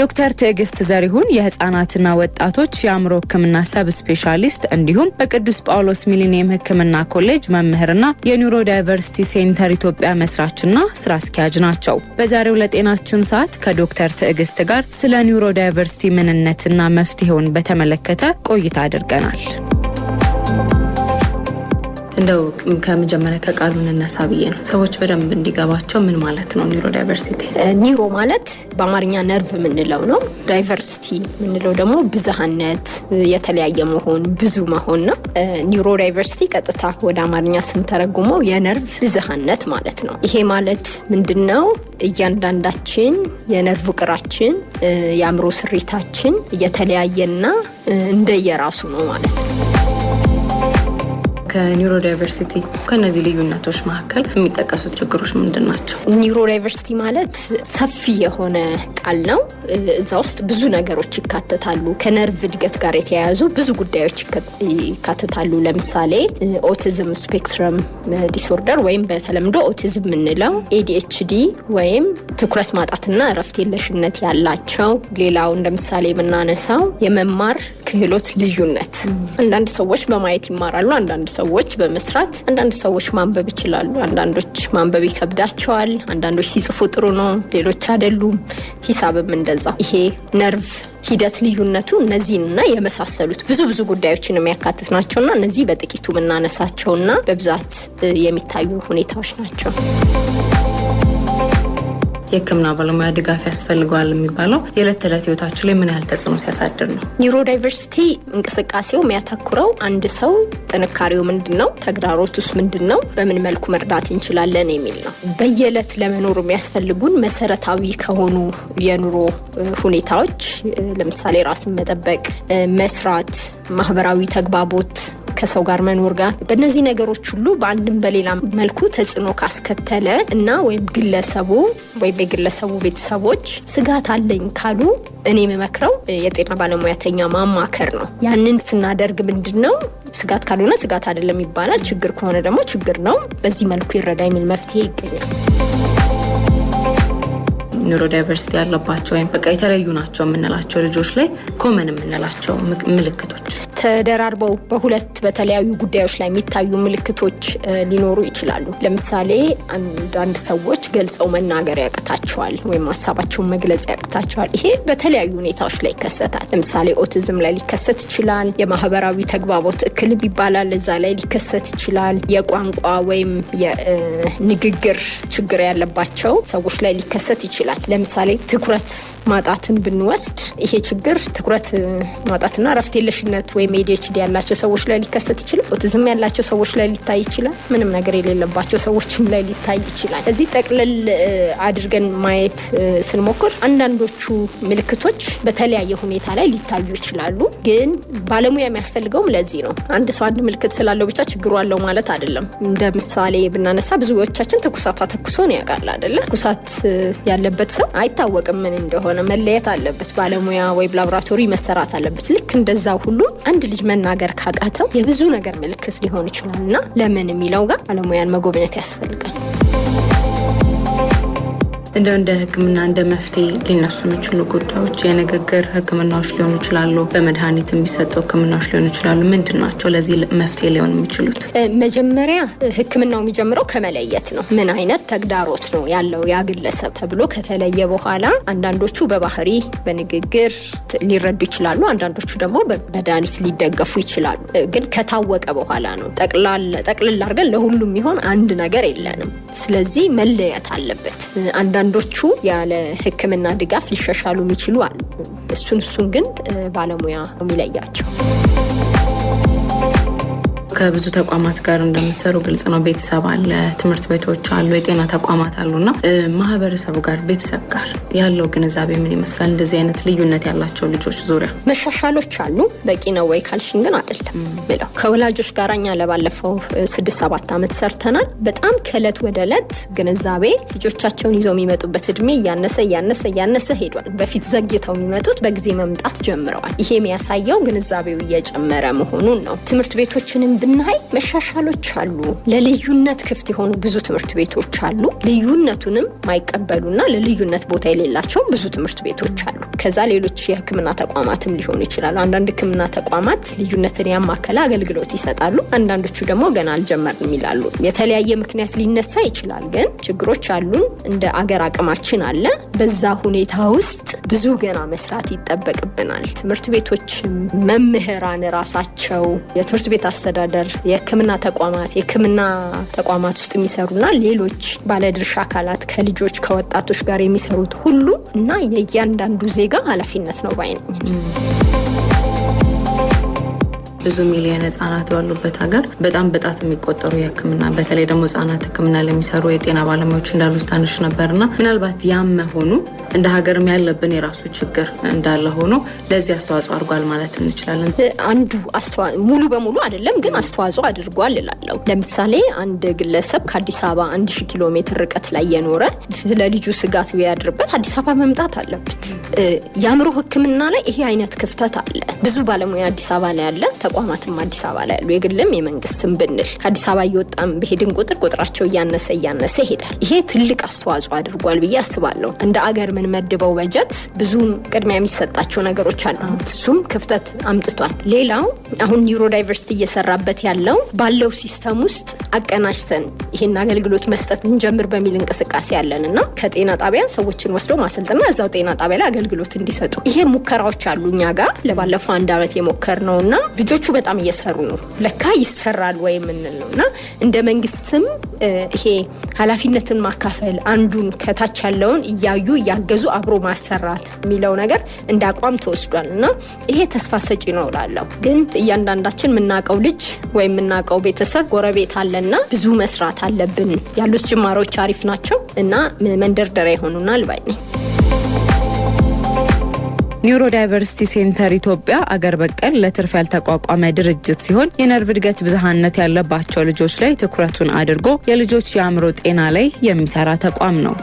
ዶክተር ትዕግስት ዘሪሁን የህፃናትና ወጣቶች የአእምሮ ህክምና ሰብ ስፔሻሊስት እንዲሁም በቅዱስ ጳውሎስ ሚሊኒየም ህክምና ኮሌጅ መምህርና የኒውሮ ዳይቨርሲቲ ሴንተር ኢትዮጵያ መስራችና ስራ አስኪያጅ ናቸው። በዛሬው ለጤናችን ሰዓት ከዶክተር ትዕግስት ጋር ስለ ኒውሮ ዳይቨርሲቲ ምንነትና መፍትሄውን በተመለከተ ቆይታ አድርገናል። እንደው ከመጀመሪያ ከቃሉ እንነሳ ብዬ ነው ሰዎች በደንብ እንዲገባቸው ምን ማለት ነው ኒሮ ዳይቨርሲቲ? ኒውሮ ማለት በአማርኛ ነርቭ የምንለው ነው። ዳይቨርሲቲ የምንለው ደግሞ ብዝሃነት፣ የተለያየ መሆን፣ ብዙ መሆን ነው። ኒውሮ ዳይቨርሲቲ ቀጥታ ወደ አማርኛ ስንተረጉመው የነርቭ ብዝሃነት ማለት ነው። ይሄ ማለት ምንድን ነው? እያንዳንዳችን የነርቭ ውቅራችን፣ የአእምሮ ስሪታችን እየተለያየና እንደየራሱ ነው ማለት ነው። ከኒውሮ ዳይቨርሲቲ ከነዚህ ልዩነቶች መካከል የሚጠቀሱት ችግሮች ምንድን ናቸው? ኒውሮ ዳይቨርሲቲ ማለት ሰፊ የሆነ ቃል ነው። እዛ ውስጥ ብዙ ነገሮች ይካተታሉ። ከነርቭ እድገት ጋር የተያያዙ ብዙ ጉዳዮች ይካተታሉ። ለምሳሌ ኦቲዝም ስፔክትረም ዲስኦርደር ወይም በተለምዶ ኦቲዝም የምንለው ኤዲኤችዲ ወይም ትኩረት ማጣትና እረፍት የለሽነት ያላቸው። ሌላው እንደምሳሌ የምናነሳው የመማር ክህሎት ልዩነት፣ አንዳንድ ሰዎች በማየት ይማራሉ፣ አንዳንድ ሰዎች በመስራት አንዳንድ ሰዎች ማንበብ ይችላሉ፣ አንዳንዶች ማንበብ ይከብዳቸዋል፣ አንዳንዶች ሲጽፉ ጥሩ ነው፣ ሌሎች አይደሉም። ሂሳብም እንደዛ ይሄ ነርቭ ሂደት ልዩነቱ እነዚህንና የመሳሰሉት ብዙ ብዙ ጉዳዮችን የሚያካትት ናቸው ና እነዚህ በጥቂቱ የምናነሳቸውና በብዛት የሚታዩ ሁኔታዎች ናቸው። የህክምና ባለሙያ ድጋፍ ያስፈልገዋል የሚባለው የዕለት ተዕለት ህይወታችን ላይ ምን ያህል ተጽዕኖ ሲያሳድር ነው? ኒውሮ ዳይቨርሲቲ እንቅስቃሴው የሚያተኩረው አንድ ሰው ጥንካሬው ምንድን ነው፣ ተግዳሮቱስ ምንድን ነው፣ በምን መልኩ መርዳት እንችላለን የሚል ነው። በየዕለት ለመኖር የሚያስፈልጉን መሰረታዊ ከሆኑ የኑሮ ሁኔታዎች ለምሳሌ ራስን መጠበቅ፣ መስራት፣ ማህበራዊ ተግባቦት ከሰው ጋር መኖር ጋር በእነዚህ ነገሮች ሁሉ በአንድም በሌላ መልኩ ተጽዕኖ ካስከተለ እና ወይም ግለሰቡ ወይም የግለሰቡ ቤተሰቦች ስጋት አለኝ ካሉ እኔ የምመክረው የጤና ባለሙያተኛ ማማከር ነው። ያንን ስናደርግ ምንድን ነው ስጋት ካልሆነ ስጋት አይደለም ይባላል። ችግር ከሆነ ደግሞ ችግር ነው። በዚህ መልኩ ይረዳ የሚል መፍትሄ ይገኛል። ኒሮ ዳይቨርሲቲ ያለባቸው ወይም በቃ የተለዩ ናቸው የምንላቸው ልጆች ላይ ኮመን የምንላቸው ምልክቶች ተደራርበው በሁለት በተለያዩ ጉዳዮች ላይ የሚታዩ ምልክቶች ሊኖሩ ይችላሉ። ለምሳሌ አንዳንድ ሰዎች ገልጸው መናገር ያቅታቸዋል ወይም ሀሳባቸውን መግለጽ ያቅታቸዋል። ይሄ በተለያዩ ሁኔታዎች ላይ ይከሰታል። ለምሳሌ ኦቲዝም ላይ ሊከሰት ይችላል። የማህበራዊ ተግባቦት እክል ይባላል። እዛ ላይ ሊከሰት ይችላል። የቋንቋ ወይም የንግግር ችግር ያለባቸው ሰዎች ላይ ሊከሰት ይችላል። ለምሳሌ ትኩረት ማጣትን ብንወስድ ይሄ ችግር ትኩረት ማጣትና ረፍት የለሽነት ወይም ወይም ኤዲኤችዲ ያላቸው ሰዎች ላይ ሊከሰት ይችላል። ኦቲዝም ያላቸው ሰዎች ላይ ሊታይ ይችላል። ምንም ነገር የሌለባቸው ሰዎችም ላይ ሊታይ ይችላል። እዚህ ጠቅለል አድርገን ማየት ስንሞክር አንዳንዶቹ ምልክቶች በተለያየ ሁኔታ ላይ ሊታዩ ይችላሉ። ግን ባለሙያ የሚያስፈልገውም ለዚህ ነው። አንድ ሰው አንድ ምልክት ስላለው ብቻ ችግሩ አለው ማለት አይደለም። እንደ ምሳሌ ብናነሳ ብዙዎቻችን ትኩሳት አተኩሶን ያውቃል አይደለ? ትኩሳት ያለበት ሰው አይታወቅም ምን እንደሆነ መለየት አለበት። ባለሙያ ወይም ላቦራቶሪ መሰራት አለበት። ልክ እንደዛ ሁሉ አንድ ልጅ መናገር ካቃተው የብዙ ነገር ምልክት ሊሆን ይችላል እና ለምን የሚለው ጋር ባለሙያን መጎብኘት ያስፈልጋል። እንደው እንደ ህክምና እንደ መፍትሄ ሊነሱ የሚችሉ ጉዳዮች የንግግር ህክምናዎች ሊሆኑ ይችላሉ፣ በመድኃኒት የሚሰጡ ህክምናዎች ሊሆኑ ይችላሉ። ምንድን ናቸው ለዚህ መፍትሄ ሊሆኑ የሚችሉት? መጀመሪያ ህክምናው የሚጀምረው ከመለየት ነው። ምን አይነት ተግዳሮት ነው ያለው ያ ግለሰብ ተብሎ ከተለየ በኋላ አንዳንዶቹ በባህሪ በንግግር ሊረዱ ይችላሉ፣ አንዳንዶቹ ደግሞ በመድኃኒት ሊደገፉ ይችላሉ። ግን ከታወቀ በኋላ ነው ጠቅልል አድርገን ለሁሉም የሚሆን አንድ ነገር የለንም። ስለዚህ መለየት አለበት። አንዳንዶቹ ያለ ህክምና ድጋፍ ሊሻሻሉ የሚችሉ አሉ። እሱን እሱን ግን ባለሙያ የሚለያቸው ከብዙ ተቋማት ጋር እንደምሰሩ ግልጽ ነው። ቤተሰብ አለ፣ ትምህርት ቤቶች አሉ፣ የጤና ተቋማት እና ማህበረሰቡ ጋር ቤተሰብ ጋር ያለው ግንዛቤ ምን ይመስላል? እንደዚህ አይነት ልዩነት ያላቸው ልጆች ዙሪያ መሻሻሎች አሉ። በቂ ነው ወይ ካልሽን ግን አይደለም ብለው ከወላጆች ጋር እኛ ለባለፈው ስድስት ሰባት ዓመት ሰርተናል። በጣም ከእለት ወደ እለት ግንዛቤ ልጆቻቸውን ይዘው የሚመጡበት እድሜ እያነሰ እያነሰ እያነሰ ሄዷል። በፊት ዘግተው የሚመጡት በጊዜ መምጣት ጀምረዋል። ይሄ የሚያሳየው ግንዛቤው እየጨመረ መሆኑን ነው። ትምህርት ቤቶችንም ስናይ መሻሻሎች አሉ። ለልዩነት ክፍት የሆኑ ብዙ ትምህርት ቤቶች አሉ። ልዩነቱንም ማይቀበሉና ለልዩነት ቦታ የሌላቸውም ብዙ ትምህርት ቤቶች አሉ። ከዛ ሌሎች የሕክምና ተቋማትም ሊሆኑ ይችላሉ። አንዳንድ ሕክምና ተቋማት ልዩነትን ያማከለ አገልግሎት ይሰጣሉ። አንዳንዶቹ ደግሞ ገና አልጀመርንም ይላሉ። የተለያየ ምክንያት ሊነሳ ይችላል። ግን ችግሮች አሉን። እንደ አገር አቅማችን አለ። በዛ ሁኔታ ውስጥ ብዙ ገና መስራት ይጠበቅብናል። ትምህርት ቤቶች መምህራን ራሳቸው፣ የትምህርት ቤት አስተዳደር፣ የህክምና ተቋማት፣ የህክምና ተቋማት ውስጥ የሚሰሩና ሌሎች ባለድርሻ አካላት ከልጆች ከወጣቶች ጋር የሚሰሩት ሁሉ እና የእያንዳንዱ ዜጋ ሀላፊነት ነው ባይ ብዙ ሚሊዮን ህጻናት ባሉበት ሀገር በጣም በጣት የሚቆጠሩ የህክምና በተለይ ደግሞ ህጻናት ህክምና ለሚሰሩ የጤና ባለሙያዎች እንዳሉ ስታንሽ ነበርና ምናልባት ያም መሆኑ እንደ ሀገርም ያለብን የራሱ ችግር እንዳለ ሆኖ ለዚህ አስተዋጽኦ አድርጓል ማለት እንችላለን። አንዱ ሙሉ በሙሉ አይደለም ግን አስተዋጽኦ አድርጓል እላለሁ። ለምሳሌ አንድ ግለሰብ ከአዲስ አበባ አንድ ሺህ ኪሎ ሜትር ርቀት ላይ የኖረ ስለ ልጁ ስጋት ቢያድርበት አዲስ አበባ መምጣት አለበት። የአእምሮ ህክምና ላይ ይሄ አይነት ክፍተት አለ። ብዙ ባለሙያ አዲስ አበባ ላይ አለ ተቋማትም አዲስ አበባ ላይ ያሉ የግልም የመንግስትም ብንል ከአዲስ አበባ እየወጣም በሄድን ቁጥር ቁጥራቸው እያነሰ እያነሰ ይሄዳል። ይሄ ትልቅ አስተዋጽኦ አድርጓል ብዬ አስባለሁ። እንደ አገር የምንመድበው በጀት ብዙ ቅድሚያ የሚሰጣቸው ነገሮች አሉ። እሱም ክፍተት አምጥቷል። ሌላው አሁን ኒውሮ ዳይቨርሲቲ እየሰራበት ያለው ባለው ሲስተም ውስጥ አቀናጅተን ይህን አገልግሎት መስጠት እንጀምር በሚል እንቅስቃሴ ያለን እና ከጤና ጣቢያ ሰዎችን ወስዶ ማሰልጥና እዛው ጤና ጣቢያ ላይ አገልግሎት እንዲሰጡ ይሄ ሙከራዎች አሉ እኛ ጋር ለባለፈው አንድ ዓመት የሞከር ነው እና ልጆች ልጆቹ በጣም እየሰሩ ነው። ለካ ይሰራል ወይ የምንል ነው እና እንደ መንግስትም ይሄ ኃላፊነትን ማካፈል አንዱን ከታች ያለውን እያዩ እያገዙ አብሮ ማሰራት የሚለው ነገር እንደ አቋም ተወስዷል እና ይሄ ተስፋ ሰጪ ነው ላለው ግን እያንዳንዳችን የምናውቀው ልጅ ወይም የምናውቀው ቤተሰብ ጎረቤት አለና ብዙ መስራት አለብን። ያሉት ጅማሮች አሪፍ ናቸው እና መንደርደሪያ የሆኑና አልባይ ነኝ። ኒውሮ ዳይቨርሲቲ ሴንተር ኢትዮጵያ አገር በቀል ለትርፍ ያልተቋቋመ ድርጅት ሲሆን የነርቭ እድገት ብዝሃነት ያለባቸው ልጆች ላይ ትኩረቱን አድርጎ የልጆች የአእምሮ ጤና ላይ የሚሰራ ተቋም ነው።